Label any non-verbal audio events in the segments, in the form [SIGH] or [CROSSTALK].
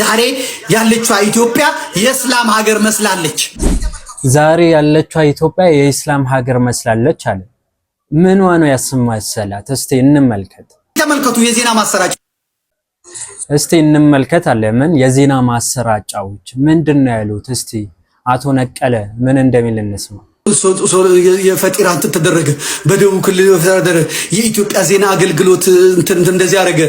ዛሬ ያለችዋ ኢትዮጵያ የእስላም ሀገር መስላለች። ዛሬ ያለችዋ ኢትዮጵያ የእስላም ሀገር መስላለች አለ። ምኗ ነው ያስመሰላት? እስቲ እንመልከት። ተመልከቱ፣ የዜና ማሰራጫ እስቲ እንመልከት አለ። ምን የዜና ማሰራጫዎች ምንድን ነው ያሉት? እስቲ አቶ ነቀለ ምን እንደሚል እንስማ። የፈጢራ እንትን ተደረገ። በደቡብ ክልል ተደረገ። የኢትዮጵያ ዜና አገልግሎት እንደዚህ አደረገ።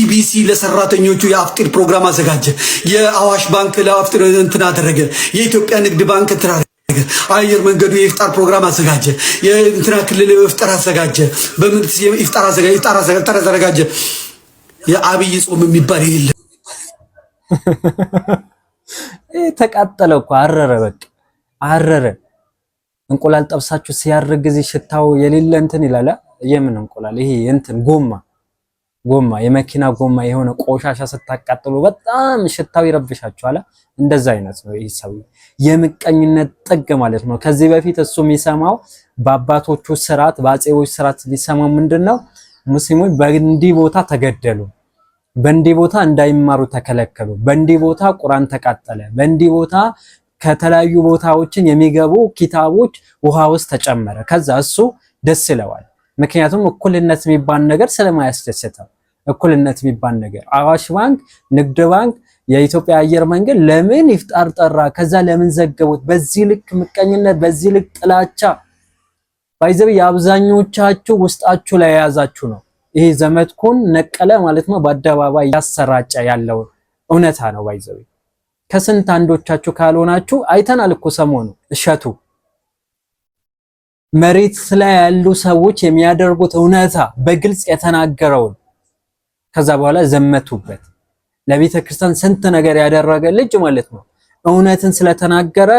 ኢቢሲ ለሰራተኞቹ የአፍጢር ፕሮግራም አዘጋጀ። የአዋሽ ባንክ ለአፍጢር እንትን አደረገ። የኢትዮጵያ ንግድ ባንክ እንትን አደረገ። አየር መንገዱ የኢፍጣር ፕሮግራም አዘጋጀ። የእንትና ክልል ኢፍጣር አዘጋጀ። በመንግስት ኢፍጣር አዘጋጀ። ኢፍጣር አዘጋጀ። የአብይ ጾም የሚባል የለም። [LAUGHS] ተቃጠለ እኮ አረረ። በቃ አረረ። እንቁላል ጠብሳችሁ ሲያርግ ጊዜ ሽታው የሌለ እንትን ይላል። የምን እንቁላል ይሄ እንትን ጎማ ጎማ የመኪና ጎማ የሆነ ቆሻሻ ስታቃጥሉ በጣም ሽታው ይረብሻችኋል። እንደዛ አይነት ነው ይህ ሰው የምቀኝነት ጥግ ማለት ነው። ከዚህ በፊት እሱ የሚሰማው በአባቶቹ ስርዓት፣ በአፄዎች ስርዓት ሊሰማው ምንድን ነው ሙስሊሞች በእንዲህ ቦታ ተገደሉ፣ በእንዲህ ቦታ እንዳይማሩ ተከለከሉ፣ በእንዲህ ቦታ ቁርአን ተቃጠለ፣ በእንዲህ ቦታ ከተለያዩ ቦታዎችን የሚገቡ ኪታቦች ውሃ ውስጥ ተጨመረ። ከዛ እሱ ደስ ይለዋል። ምክንያቱም እኩልነት የሚባል ነገር ስለማያስደስተው እኩልነት የሚባል ነገር አዋሽ ባንክ፣ ንግድ ባንክ፣ የኢትዮጵያ አየር መንገድ ለምን ይፍጣር ጠራ? ከዛ ለምን ዘገቡት? በዚህ ልክ ምቀኝነት፣ በዚህ ልክ ጥላቻ ባይዘብ የአብዛኞቻችሁ ውስጣችሁ ላይ የያዛችሁ ነው። ይሄ ዘመድኩን ነቀለ ማለት ነው በአደባባይ ያሰራጨ ያለው እውነታ ነው ባይዘብ ከስንት አንዶቻችሁ ካልሆናችሁ አይተናል እኮ ሰሞኑ እሸቱ መሬት ላይ ያሉ ሰዎች የሚያደርጉት እውነታ በግልጽ የተናገረውን ከዛ በኋላ ዘመቱበት። ለቤተ ክርስቲያን ስንት ነገር ያደረገ ልጅ ማለት ነው። እውነትን ስለተናገረ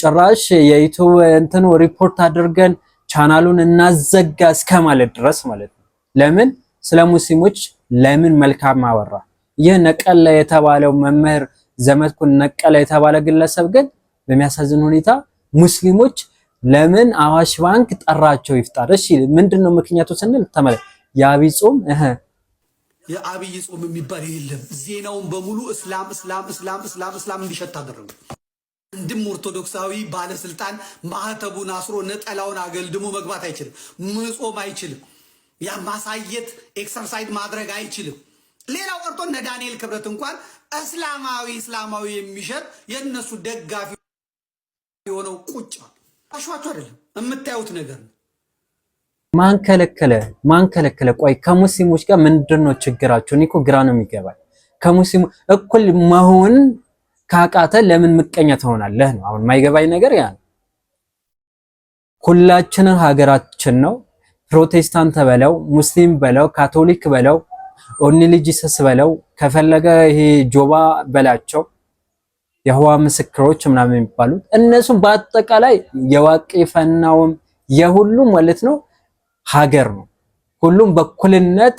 ጭራሽ የዩቱብ እንትኑ ሪፖርት አድርገን ቻናሉን እናዘጋ እስከ ማለት ድረስ ማለት ነው። ለምን ስለ ሙስሊሞች ለምን መልካም አወራ? ይህ ነቀላ የተባለው መምህር ዘመድኩን ነቀለ የተባለ ግለሰብ ግን በሚያሳዝን ሁኔታ ሙስሊሞች ለምን አዋሽ ባንክ ጠራቸው ይፍጣር? እሺ ምንድን ነው ምክንያቱ ስንል ተመለ የአብይ ጾም እህ የአብይ ጾም የሚባል የለም። ዜናውን በሙሉ እስላም እስላም እስላም እስላም እስላም እንዲሸት አደረጉ። አንድም ኦርቶዶክሳዊ ባለስልጣን ማህተቡን አስሮ ነጠላውን አገልድሞ መግባት አይችልም። ምጾም አይችልም። ያ ማሳየት ኤክሰርሳይዝ ማድረግ አይችልም። ሌላው ቀርቶ እነ ዳንኤል ክብረት እንኳን እስላማዊ እስላማዊ የሚሸጥ የእነሱ ደጋፊ የሆነው ቁጭ አሸቸ አይደለም የምታዩት ነገር ነው። ማንከለከለ ማንከለከለ ቆይ ከሙስሊሞች ጋር ምንድን ነው ችግራቸው? እኔ እኮ ግራ ነው የሚገባል። ከሙስሊሙ እኩል መሆን ካቃተ ለምን ምቀኛ ትሆናለህ ነው አሁን የማይገባኝ ነገር። ያ ሁላችንን ሀገራችን ነው ፕሮቴስታንት በለው ሙስሊም በለው ካቶሊክ በለው ኦኒ ልጅ በለው ከፈለገ ይሄ ጆባ በላቸው የህዋ ምስክሮች ምናምን የሚባሉት እነሱ በአጠቃላይ የዋቂ ፈናውም የሁሉም ማለት ነው ሀገር ነው። ሁሉም በኩልነት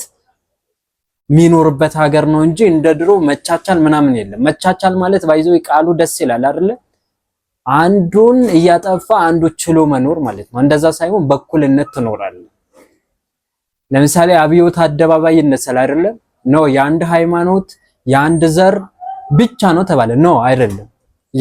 የሚኖርበት ሀገር ነው እንጂ እንደ ድሮ መቻቻል ምናምን የለም። መቻቻል ማለት ባይዞ ቃሉ ደስ ይላል አይደለ? አንዱን እያጠፋ አንዱ ችሎ መኖር ማለት ነው። እንደዛ ሳይሆን በኩልነት ትኖራለህ። ለምሳሌ አብዮት አደባባይ ይነሳል አይደለም? ኖ የአንድ ሃይማኖት የአንድ ዘር ብቻ ነው ተባለ። ኖ አይደለም።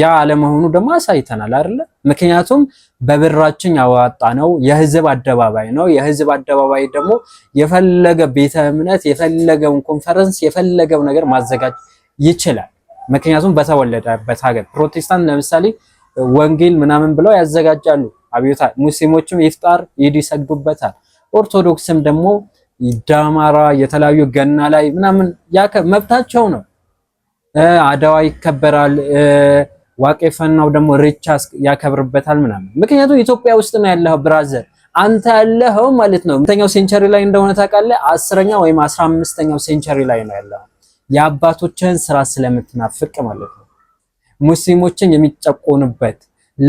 ያ አለመሆኑ ደግሞ አሳይተናል አይደለ? ምክንያቱም በብራችን ያዋጣ ነው የህዝብ አደባባይ ነው። የህዝብ አደባባይ ደግሞ የፈለገ ቤተ እምነት የፈለገውን ኮንፈረንስ የፈለገው ነገር ማዘጋጅ ይችላል። ምክንያቱም በተወለደበት ሀገር ፕሮቴስታንት ለምሳሌ ወንጌል ምናምን ብለው ያዘጋጃሉ። አብዮታ ሙስሊሞችም ይፍጣር ኢድ ይሰግዱበታል። ኦርቶዶክስም ደግሞ ዳማራ የተለያዩ ገና ላይ ምናምን መብታቸው ነው። አዳዋ ይከበራል። ዋቄፈናው ደግሞ ሬቻ ያከብርበታል ምናምን። ምክንያቱም ኢትዮጵያ ውስጥ ነው ያለው ብራዘር አንተ ያለኸው ማለት ነው ተኛው ሴንቸሪ ላይ እንደሆነ ታውቃለህ። አስረኛ ወይም አስራ አምስተኛው ሴንቸሪ ላይ ነው ያለው። የአባቶችህን ስራ ስለምትናፍቅ ማለት ነው ሙስሊሞችን የሚጨቆኑበት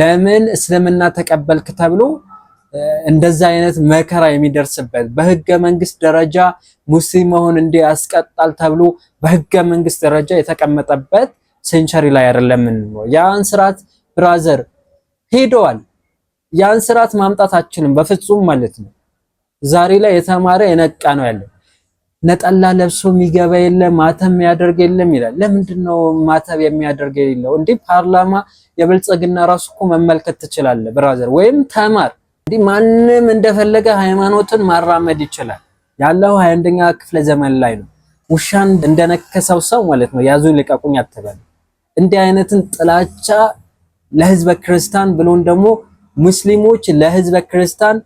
ለምን እስልምና ተቀበልክ ተብሎ እንደዛ አይነት መከራ የሚደርስበት በህገ መንግስት ደረጃ ሙስሊም መሆን እንዲህ ያስቀጣል ተብሎ በህገ መንግስት ደረጃ የተቀመጠበት ሴንቸሪ ላይ አይደለም። ነው ያን ስርዓት ብራዘር ሄደዋል። ያን ስርዓት ማምጣታችንም በፍጹም ማለት ነው። ዛሬ ላይ የተማረ የነቃ ነው ያለው። ነጠላ ለብሶ የሚገባ የለም ማተብ የሚያደርግ የለም ይላል። ለምንድን ነው ማተብ የሚያደርግ የሌለው? እንዲህ ፓርላማ የብልጽግና ራሱ እኮ መመልከት ትችላለህ ብራዘር፣ ወይም ተማር እንግዲህ ማንም እንደፈለገ ሃይማኖትን ማራመድ ይችላል። ያለው ሃያ አንደኛ ክፍለ ዘመን ላይ ነው። ውሻን እንደነከሰው ሰው ማለት ነው ያዙ ልቀቁኝ አትበል። እንዲህ አይነትን ጥላቻ ለህዝበ ክርስቲያን ብሎን ደግሞ ሙስሊሞች ለህዝበ ክርስቲያን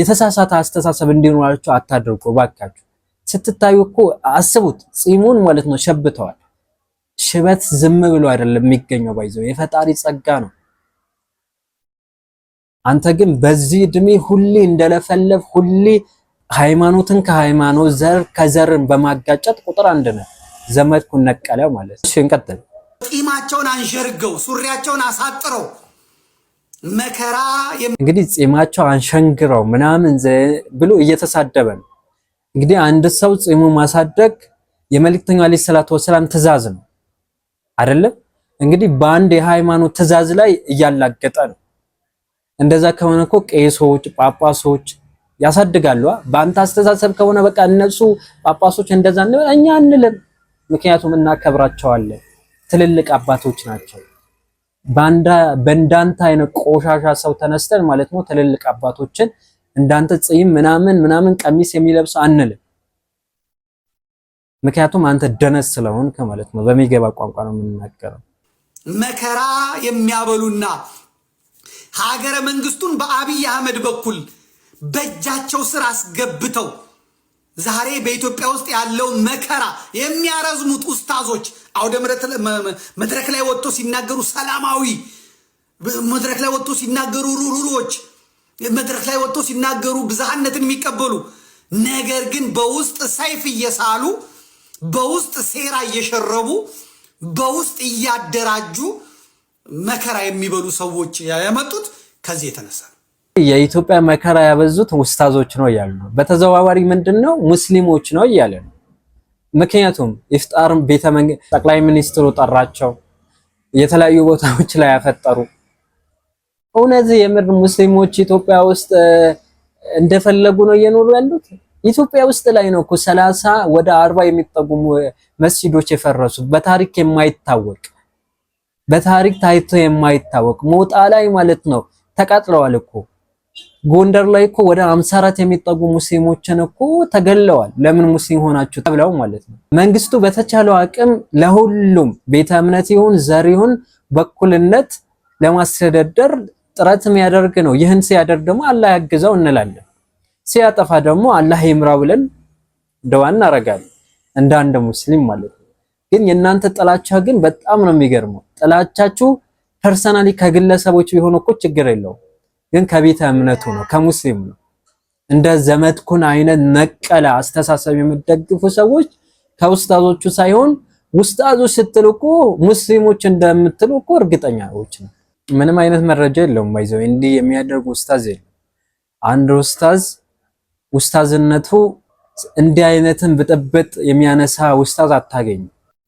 የተሳሳተ አስተሳሰብ እንዲኖራቸው አታድርጉ ባካችሁ። ስትታዩ እኮ አስቡት፣ ጺሙን ማለት ነው ሸብተዋል። ሽበት ዝም ብሎ አይደለም የሚገኘው፣ ባይዘው የፈጣሪ ጸጋ ነው። አንተ ግን በዚህ እድሜ ሁሌ እንደለፈለፍ ሁሌ ሃይማኖትን ከሃይማኖት ዘር ከዘርን በማጋጨት ቁጥር አንድ ነው። ዘመድኩን ነቀለ ማለት እሺ፣ እንቀጥል። ጺማቸውን አንሸርገው ሱሪያቸውን አሳጥረው መከራ እንግዲህ ጺማቸው አንሸንግረው ምናምን ብሎ እየተሳደበ ነው። እንግዲህ አንድ ሰው ጺሙ ማሳደግ የመልእክተኛው ዓለይሂ ሰላቱ ወሰላም ትእዛዝ ነው አይደለም? እንግዲህ በአንድ የሃይማኖት ትእዛዝ ላይ እያላገጠ ነው። እንደዛ ከሆነ እኮ ቄሶች፣ ጳጳሶች ያሳድጋሉ። በአንተ አስተሳሰብ ከሆነ በቃ እነሱ ጳጳሶች እንደዛ እኛ አንልም፣ ምክንያቱም እናከብራቸዋለን። ትልልቅ አባቶች ናቸው። በእንዳንተ አይነት ቆሻሻ ሰው ተነስተን ማለት ነው ትልልቅ አባቶችን እንዳንተ ጽይም ምናምን ምናምን ቀሚስ የሚለብሰው አንልም። ምክንያቱም አንተ ደነስ ስለሆንክ ማለት ነው። በሚገባ ቋንቋ ነው የምንናገረው። መከራ የሚያበሉና ሀገረ መንግስቱን በአብይ አህመድ በኩል በእጃቸው ስር አስገብተው ዛሬ በኢትዮጵያ ውስጥ ያለው መከራ የሚያረዝሙት ኡስታዞች አውደ መድረክ ላይ ወጥቶ ሲናገሩ ሰላማዊ መድረክ ላይ ወጥቶ ሲናገሩ ሩሩሮች መድረክ ላይ ወጥቶ ሲናገሩ ብዝሃነትን የሚቀበሉ ነገር ግን በውስጥ ሰይፍ እየሳሉ በውስጥ ሴራ እየሸረቡ በውስጥ እያደራጁ መከራ የሚበሉ ሰዎች ያመጡት ከዚህ የተነሳ ነው። የኢትዮጵያ መከራ ያበዙት ውስታዞች ነው እያሉ ነው። በተዘዋዋሪ ምንድን ነው ሙስሊሞች ነው እያለ ነው። ምክንያቱም ኢፍጣር ቤተ መንግስት ጠቅላይ ሚኒስትሩ ጠራቸው፣ የተለያዩ ቦታዎች ላይ ያፈጠሩ። እውነዚህ የምር ሙስሊሞች ኢትዮጵያ ውስጥ እንደፈለጉ ነው እየኖሩ ያሉት? ኢትዮጵያ ውስጥ ላይ ነው እኮ ሰላሳ ወደ አርባ የሚጠጉ መስጂዶች የፈረሱት በታሪክ የማይታወቅ በታሪክ ታይቶ የማይታወቅ ሞጣ ላይ ማለት ነው ተቃጥለዋል እኮ ጎንደር ላይ እኮ ወደ 54 የሚጠጉ ሙስሊሞችን እኮ ተገለዋል። ለምን ሙስሊም ሆናችሁ ተብለው ማለት ነው። መንግስቱ በተቻለው አቅም ለሁሉም ቤተ እምነት ይሁን ዘር ይሁን በኩልነት ለማስተዳደር ጥረት የሚያደርግ ነው። ይህን ሲያደርግ ደግሞ አላህ ያግዘው እንላለን። ሲያጠፋ ደግሞ አላህ ይምራ ብለን ደዋ እናረጋለን እንደ አንድ ሙስሊም ማለት ነው። ግን የእናንተ ጥላቻ ግን በጣም ነው የሚገርመው። ጥላቻችሁ ፐርሰናሊ ከግለሰቦች ቢሆን እኮ ችግር የለው ግን ከቤተ እምነቱ ነው ከሙስሊሙ ነው። እንደ ዘመድኩን አይነት ነቀለ አስተሳሰብ የምትደግፉ ሰዎች ከውስጣዞቹ ሳይሆን ውስጣዞች ስትልቁ እኮ ሙስሊሞች እንደምትሉ እኮ እርግጠኛዎች ነው። ምንም አይነት መረጃ የለውም። ባይዘው እንዲህ የሚያደርጉ ውስጣዝ የለም። አንድ ውስጣዝ ውስጣዝነቱ እንዲህ አይነትን ብጥብጥ የሚያነሳ ውስጣዝ አታገኙ።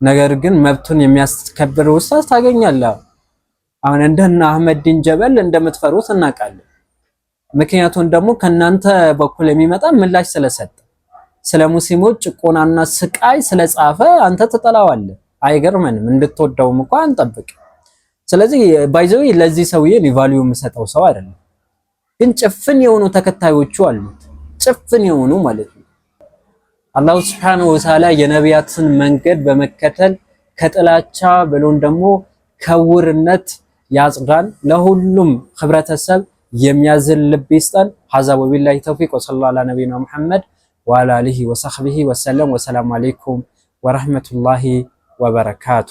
ነገር ግን መብቱን የሚያስከብር ውስታዝ ታገኛለህ። አሁን እንደነ አህመዲን ጀበል እንደምትፈሩት እናውቃለን። ምክንያቱም ደግሞ ከናንተ በኩል የሚመጣ ምላሽ ስለሰጠ ስለ ሙስሊሞች ጭቆናና ስቃይ ስለጻፈ አንተ ትጠላዋለህ። አይገርመንም፣ እንድትወደውም እንኳን አንጠብቅ። ስለዚህ ባይዘው ለዚህ ሰውዬ ቫልዩ የምሰጠው ሰው አይደለም፣ ግን ጭፍን የሆኑ ተከታዮቹ አሉት፣ ጭፍን የሆኑ ማለት ነው። አላሁ ስብሐነሁ ወተዓላ የነቢያትን መንገድ በመከተል ከጥላቻ ብሎን ደግሞ ከውርነት ያጽዳን። ለሁሉም ህብረተሰብ የሚያዝን ልብ ይስጠን። ሀዛ ወቢላሂ ተውፊቅ ወሰላ አላ ነቢና ሙሐመድ ወአላ አሊሂ ወሰህቢሂ ወሰለም። ወሰላሙ አሌይኩም ወረህመቱላሂ ወበረካቱ